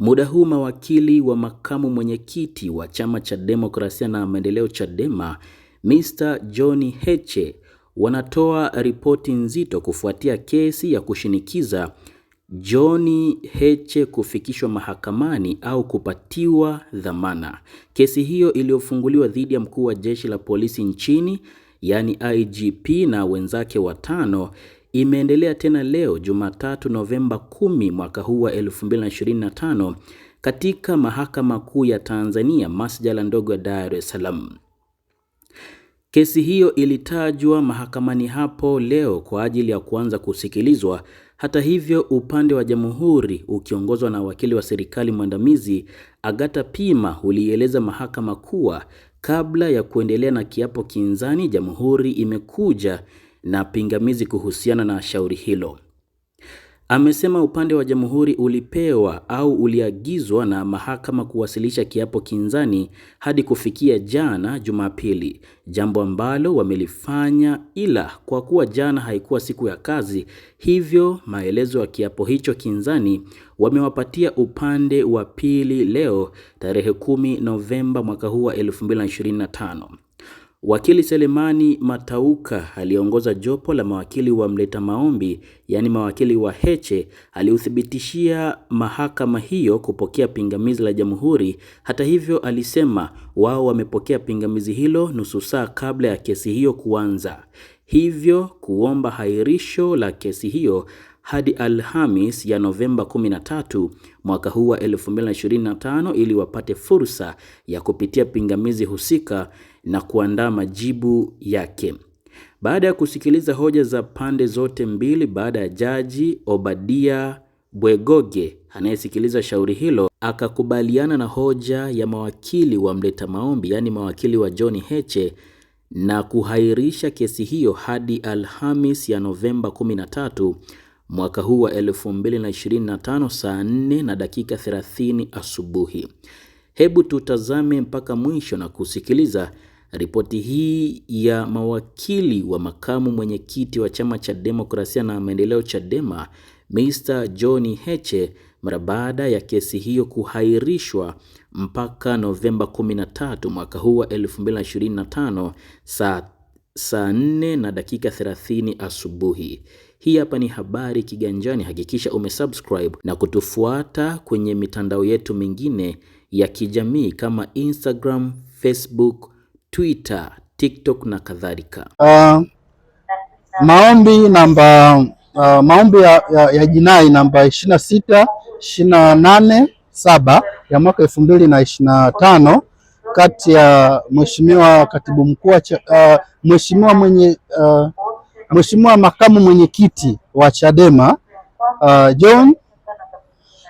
Muda huu mawakili wa makamu mwenyekiti wa chama cha demokrasia na maendeleo Chadema, Mr. John Heche wanatoa ripoti nzito kufuatia kesi ya kushinikiza John Heche kufikishwa mahakamani au kupatiwa dhamana. Kesi hiyo iliyofunguliwa dhidi ya mkuu wa jeshi la polisi nchini, yaani IGP na wenzake watano imeendelea tena leo Jumatatu Novemba 10 mwaka huu wa 2025 katika Mahakama Kuu ya Tanzania, masjala ndogo ya Dar es Salaam. Kesi hiyo ilitajwa mahakamani hapo leo kwa ajili ya kuanza kusikilizwa. Hata hivyo, upande wa jamhuri ukiongozwa na wakili wa serikali mwandamizi Agata Pima ulieleza mahakama kuwa kabla ya kuendelea na kiapo kinzani, jamhuri imekuja na pingamizi kuhusiana na shauri hilo. Amesema upande wa jamhuri ulipewa au uliagizwa na mahakama kuwasilisha kiapo kinzani hadi kufikia jana Jumapili, jambo ambalo wamelifanya, ila kwa kuwa jana haikuwa siku ya kazi, hivyo maelezo ya kiapo hicho kinzani wamewapatia upande wa pili leo tarehe 10 Novemba mwaka huu wa 2025. Wakili Selemani Matauka aliongoza jopo la mawakili wa mleta maombi, yaani mawakili wa Heche, aliuthibitishia mahakama hiyo kupokea pingamizi la Jamhuri. Hata hivyo, alisema wao wamepokea pingamizi hilo nusu saa kabla ya kesi hiyo kuanza, hivyo kuomba hairisho la kesi hiyo hadi Alhamis ya Novemba 13 mwaka huu wa 2025 ili wapate fursa ya kupitia pingamizi husika na kuandaa majibu yake. Baada ya kusikiliza hoja za pande zote mbili, baada ya Jaji Obadia Bwegoge anayesikiliza shauri hilo akakubaliana na hoja ya mawakili wa mleta maombi, yaani mawakili wa John Heche na kuhairisha kesi hiyo hadi Alhamis ya Novemba 13 mwaka huu wa 2025 saa 4 na dakika 30 asubuhi. Hebu tutazame mpaka mwisho na kusikiliza ripoti hii ya mawakili wa makamu mwenyekiti wa chama cha demokrasia na maendeleo Chadema, Mr. John Heche mara baada ya kesi hiyo kuhairishwa mpaka Novemba 13 mwaka huu wa 2025 saa saa 4 na dakika 30 asubuhi. Hii hapa ni Habari Kiganjani. Hakikisha umesubscribe na kutufuata kwenye mitandao yetu mingine ya kijamii kama Instagram, Facebook, Twitter, TikTok na kadhalika. Uh, maombi namba uh, maombi ya, ya, ya jinai namba 26 28 7 ya mwaka 2025 kati ya mheshimiwa katibu mkuu uh, mheshimiwa mwenye uh, mheshimiwa makamu mwenyekiti wa Chadema uh, John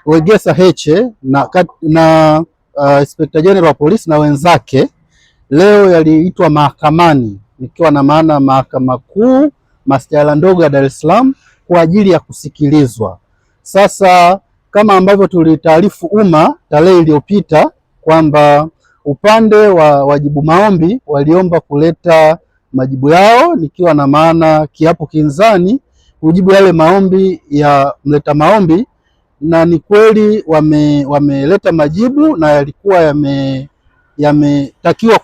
Wegesa Heche na, na uh, Inspector General wa polisi na wenzake leo yaliitwa mahakamani, nikiwa na maana mahakama kuu masjala ndogo ya Dar es Salaam kwa ajili ya kusikilizwa. Sasa kama ambavyo tulitaarifu umma tarehe iliyopita kwamba Upande wa wajibu maombi waliomba kuleta majibu yao, nikiwa na maana kiapo kinzani kujibu yale maombi ya mleta maombi, na ni kweli wame wameleta majibu na yalikuwa yame yametakiwa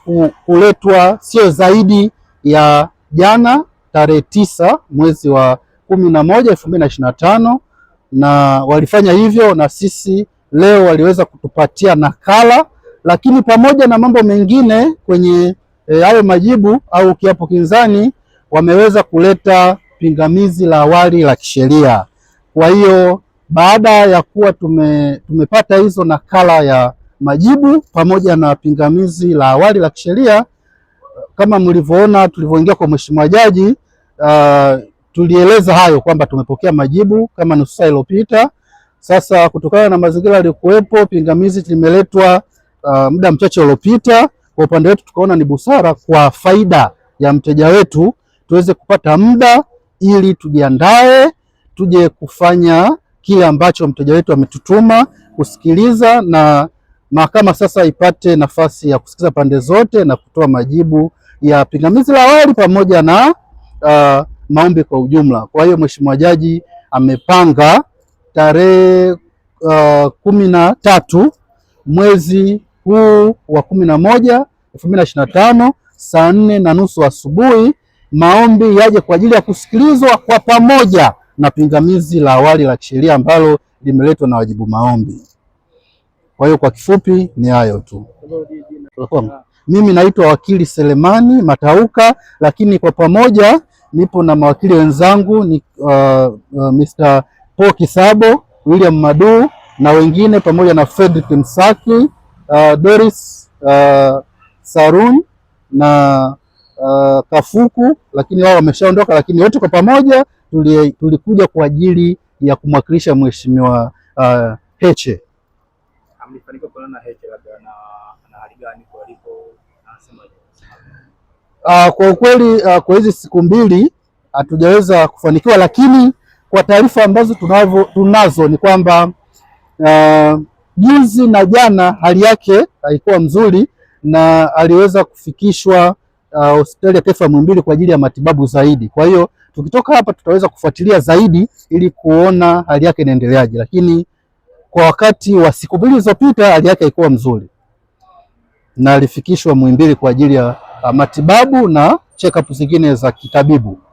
kuletwa sio zaidi ya jana tarehe tisa mwezi wa kumi na moja elfu mbili na ishirini na tano na walifanya hivyo, na sisi leo waliweza kutupatia nakala lakini pamoja na mambo mengine kwenye eh, hayo e, majibu au kiapo kinzani, wameweza kuleta pingamizi la awali la kisheria. Kwa hiyo baada ya kuwa tume, tumepata hizo nakala ya majibu pamoja na pingamizi la awali la kisheria, kama mlivyoona tulivyoingia kwa mheshimiwa jaji uh, tulieleza hayo kwamba tumepokea majibu kama nusu saa iliyopita. Sasa kutokana na mazingira yaliyokuwepo, pingamizi limeletwa uh, muda mchache uliopita, kwa upande wetu tukaona ni busara kwa faida ya mteja wetu tuweze kupata muda ili tujiandae, tuje kufanya kile ambacho mteja wetu ametutuma kusikiliza, na mahakama sasa ipate nafasi ya kusikiliza pande zote na kutoa majibu ya pingamizi la awali pamoja na uh, maombi kwa ujumla. Kwa hiyo mheshimiwa jaji amepanga tarehe uh, kumi na tatu mwezi huu wa kumi na moja elfu mbili na ishirini na tano saa nne na nusu asubuhi. Maombi yaje kwa ajili ya kusikilizwa kwa pamoja na pingamizi la awali la kisheria ambalo limeletwa na wajibu maombi. Kwa hiyo kwa kifupi ni hayo tu. Mimi naitwa wakili Selemani Matauka, lakini kwa pamoja nipo na mawakili wenzangu ni uh, uh, Mr. Paul Kisabo, William Madu na wengine pamoja na Fredrick Msaki uh, Doris uh, Sarun na uh, Kafuku, lakini wao wameshaondoka, lakini wote kwa pamoja tulikuja kwa ajili ya kumwakilisha mheshimiwa uh, Heche. Uh, kwa ukweli uh, kwa hizi siku mbili hatujaweza kufanikiwa, lakini kwa taarifa ambazo tunazo, tunazo ni kwamba uh, Juzi na jana hali yake haikuwa mzuri na aliweza kufikishwa uh, hospitali uh, ya taifa ya Muhimbili kwa ajili ya matibabu zaidi. Kwa hiyo tukitoka hapa tutaweza kufuatilia zaidi ili kuona hali yake inaendeleaje, lakini kwa wakati wa siku mbili zilizopita hali yake haikuwa mzuri na alifikishwa Muhimbili kwa ajili ya uh, matibabu na check-up zingine za kitabibu.